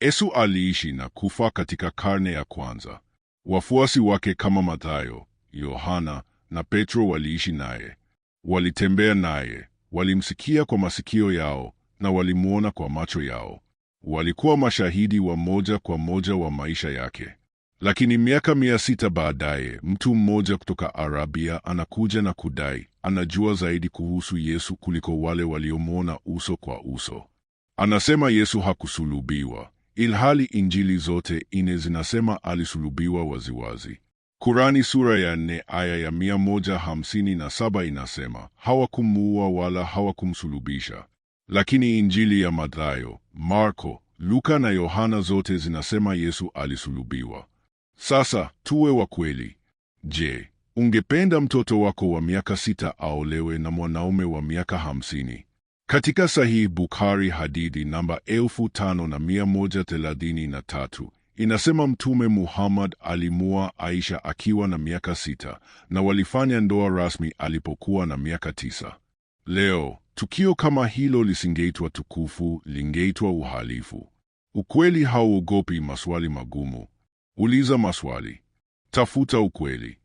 Yesu aliishi na kufa katika karne ya kwanza. Wafuasi wake kama Mathayo, Yohana na Petro waliishi naye, walitembea naye, walimsikia kwa masikio yao na walimwona kwa macho yao. Walikuwa mashahidi wa moja kwa moja wa maisha yake. Lakini miaka mia sita baadaye mtu mmoja kutoka Arabia anakuja na kudai anajua zaidi kuhusu Yesu kuliko wale waliomwona uso kwa uso. Anasema Yesu hakusulubiwa, ilhali Injili zote ine zinasema alisulubiwa waziwazi. Kurani sura ya nne aya ya mia moja hamsini na saba inasema hawakumuua wala hawakumsulubisha, lakini Injili ya Mathayo, Marko, Luka na Yohana zote zinasema Yesu alisulubiwa. Sasa tuwe wa kweli. Je, ungependa mtoto wako wa miaka sita aolewe na mwanaume wa miaka hamsini? Katika Sahihi Bukhari hadithi namba 5133 inasema Mtume Muhammad alimua Aisha akiwa na miaka sita na walifanya ndoa rasmi alipokuwa na miaka tisa. Leo tukio kama hilo lisingeitwa tukufu, lingeitwa uhalifu. Ukweli hauogopi maswali magumu. Uliza maswali, tafuta ukweli.